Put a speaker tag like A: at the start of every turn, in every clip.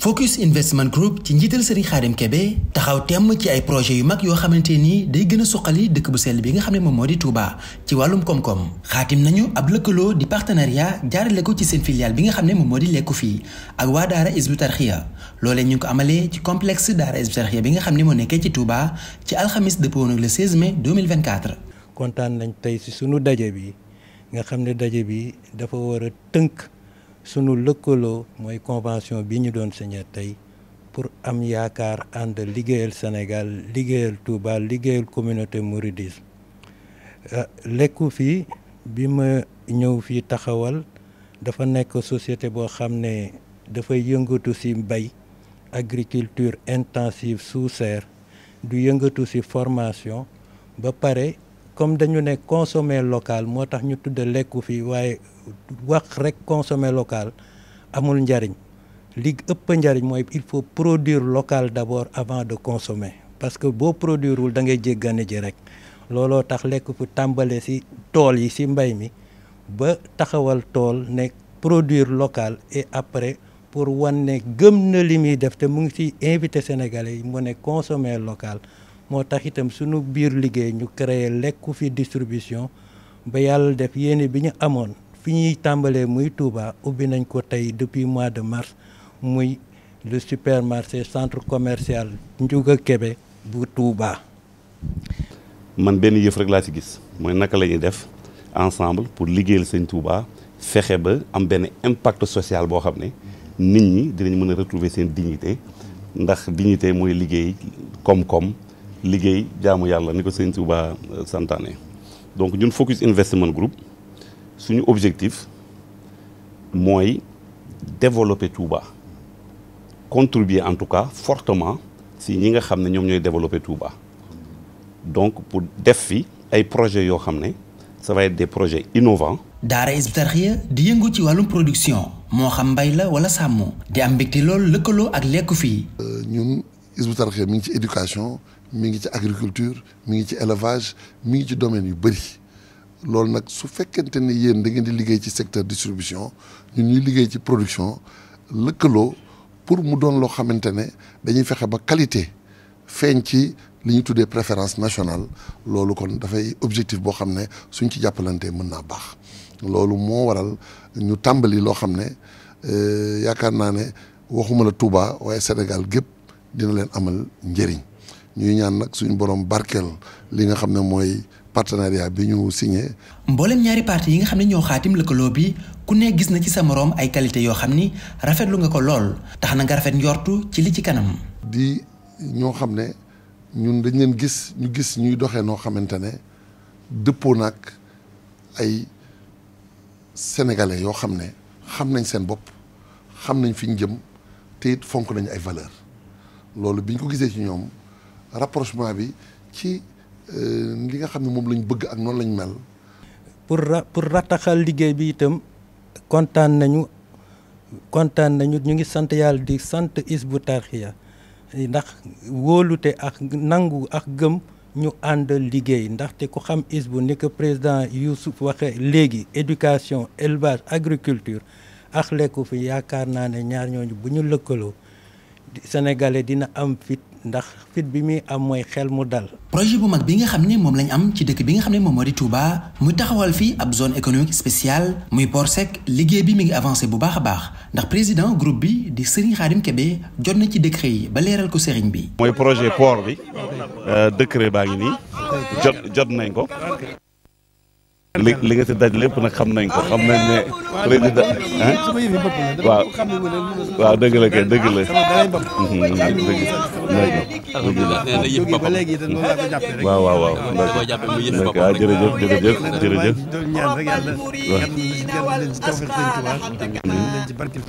A: Focus Investment Group ci njiital Serigne Khadim Kebe taxaw temm ci ay projet yu mag yoo xamante nii day gën a suqali dëkk bu sell bi nga xam ne moom moo di Touba ci wàllum koom-koom xaatim nañu ab lëkkaloo di partenariat jaarale ko ci seen filiale bi nga xam ne moom moo di lekku fii ak waa Daara Hizbut Tarqiyyah loolee ñu ngi ko amalee ci complexe Daara Hizbut bi nga xam ne moo nekkee ci Touba ci alxamis dëppoon ak le 16 mai 2024. kontaan nañ tey si sunu daje bi nga xam ne
B: daje bi dafa war a tënk. sunu lëkkaloo mooy convention bi ñu doon signé tey pour am yaakaar ànd liggéeyal Sénégal liggéeyal Touba liggéeyal communauté mouridisme euh, lekku fii bi ma ñëw fii taxawal dafa nekk société boo xam ne dafay yëngatu ci mbay agriculture intensive sous du yëngatu ci formation ba pare comme dañu ne consommer locale moo tax ñu tudde lekku fii waaye wax rek consommer local amul njariñ li ëpp njariñ mooy il faut produire local d'abord avant de consommer parce que boo produirewul dangay ngay jéggane ji rek looloo tax lekk fu tàmbale si tool yi si mbay mi ba taxawal tool ne produire locale et après pour wan ne gëm na li muy def te mu ngi ciy invité sénégalais yi mu ne consommer locale moo tax itam suñu biir liggéey ñu créer lekku fi distribution ba yàlla def yéene bi ñu amoon fi ñuy tàmbalee muy Touba ubbi nañ ko tey depuis mois de mars muy le supermarché centre commercial Ndiouga Kébé bu Touba.
C: man benn yëf rek laa si gis mooy naka la ñuy def ensemble pour liggéeyal sëñ Touba fexe ba am benn impact social boo xam ne nit ñi dinañ mën a retrouver seen dignité ndax dignité mooy liggéey koom-koom. liggéey jaamu yàlla ni ko sëñ Touba euh, santaane donc ñun Focus Investment Group suñu objectif mooy développer Touba contribuer en tout cas fortement si ñi nga xam ne ñoom ñooy développer Touba donc pour def fi ay projets yoo xam ne ça va être des projets innovants.
A: daara Hizbut di yëngu ci wàllum production moo xam mbay la wala sàmm. di am mbégte loolu
D: lëkkaloo ak lekku fii. Euh, ñun Hizbut Tarqiyyah mi ci éducation. mi ngi ci agriculture mi ngi ci élevage mi ngi ci domaine yu bëri loolu nag su fekkente ne yéen da ngeen di liggéey ci secteur distribution ñu ñuy liggéey ci production lëkkaloo pour mu doon loo xamante ne dañuy fexe ba qualité feeñ ci li ñu tuddee préférence nationale loolu kon dafay objectif boo xam ne suñ ci jàppalantee mën naa baax loolu moo waral ñu tàmbali loo xam ne euh, yaakaar naa ne waxuma la Touba waaye Sénégal gépp dina leen amal njëriñ ñuy ñaan nag suñu borom barkeel li nga xam ne mooy partenariat bi ñu signé.
A: mboolem ñaari parti yi nga xam ne ñoo xaatim lëkkaloo bi ku ne gis na ci sa moroom ay qualité yoo xam ni rafetlu nga ko lool tax na nga rafet njortu
D: ci li ci kanam. di ñoo xam ne ñu dañ leen gis ñu gis ñuy doxee noo xamante ne dëppoo nag ay sénégalais yoo xam ne xam nañ seen bopp xam nañ fi ñu jëm te it fonk nañ ay valeur loolu bi ñu ko gisee ci ñoom. rapprochement bi ci euh, li nga xam ne moom lañ bëgg ak noonu lañ mel. pour pour rattaxal
B: liggéey bi itam kontaan nañu kontaan nañu ñu ngi sant yàlla di sant bu Tarqiyyah ndax wóolute ak nangu ak gëm ñu ànd liggéey ndaxte ku xam Hizbut bu nekk président Youssouf waxee léegi éducation élevage agriculture ak lekku fi yaakaar naa ne ñaar ñooñu bu ñu lëkkaloo sénégalais dina am fit ndax fit bi muy am mooy xel mu dal.
A: projet bu mag bi nga xam ne moom lañ am ci dëkk bi nga xam ne moom moo di Touba muy taxawal fii ab zone économique spécial muy por sec liggéey bi mi ngi avancé bu baax a baax ndax président groupe bi di Serigne Khadim Kébé
C: jot na ci décret yi ba leeral ko Serigne bi. mooy projet port bi euh, décret baa ngi nii jot jot nañ ko. li li nga si daj lépp nag xam nañ ko xam nañ ne président waaw dëgg la kay dëgg la waaw waaw waaw waaw jërëjëf jërëjëf jërëjëf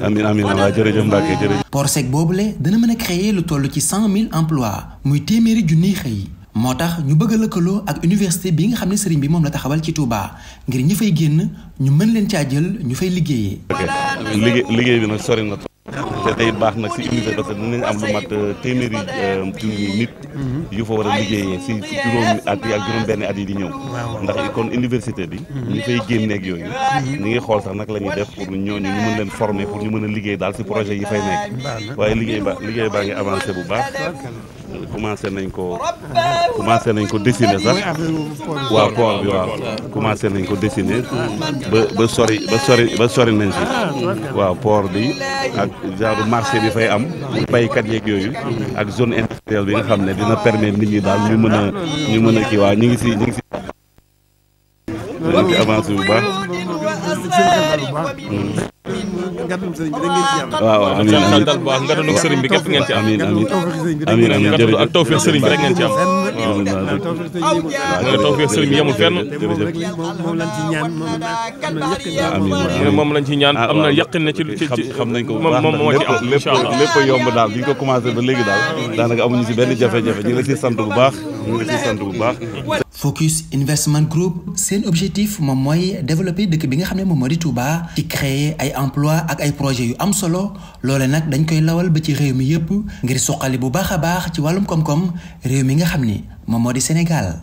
C: amiin amiin waaw jërëjëf Mbacke jërëjëf Porsec
A: boobule dana mën a créer lu toll ci cent mille emplois muy téeméeri junniy xëy moo tax ñu bëgg a lëkkaloo ak université bi nga xam ne sëriñ bi moom la taxawal ci Touba ngir ñi fay génn ñu mën leen caa jël ñu fay liggéeyee.
C: liggéey liggéey bi nag sori na te tey baax nag si université parce que dinañ am lu mat euh, téeméeri euh, junni nit. Mhm. yu fa a liggéeyee si juróomi at ak juróom-benn at yi di ñëw. ndax kon université bi. Mhm. ñu fay génne ak yooyu. Mhm. ñu ngi xool sax nag la ñuy def pour ñooñu ñu mën leen former pour ñu mën a liggéey daal si projet yi fay nekk. waaye liggéey ba liggéey baa ngi avancé bu baax. commencé nañ ko commencé nañ ko dessiner sax waaw port bi waaw commencé nañ ko dessiner ba ba sori ba sori ba sori nañ si waaw poor bi ak genre marché bi fay am baykat yeeg yooyu ak zone industrielle bi nga xam ne dina permettre nit ñi daal ñu mën a ñu mën a kii waaw ñu ngi si ñu ngi si dañ ci bu baax
D: nganum sëriñ bi da ngeen ci am waaw waaw amiin amiin dal bu baax
C: nganum sëriñ bi képp ngeen ci am amiin amiin amiin jërëjëf ak tawfeex sëriñ bi rek ngeen ci am waaw mooy tawfeex sëriñ bi yemul fenn moom lañ ci ñaan moom lañ ci ñaan am na yaqin na ci xam nañ ko moom moo ci am inshallah lépp yomb daal bi ñu ko commencé ba léegi daal daanaka amuñu ci benn jafe-jafe ñu ngi la ci sant bu baax ñu ngi la ci sant bu baax
A: Focus Investment Group seen objectif moom mooy développer dëkk bi nga xam ne moom moo di Touba ci créer ay emploi ak ay projet yu am solo loole nag dañ koy lawal ba ci réew mi yépp ngir suqali bu baax a baax ci wàllum koom-koom réew mi nga xam ni moom moo di Sénégal.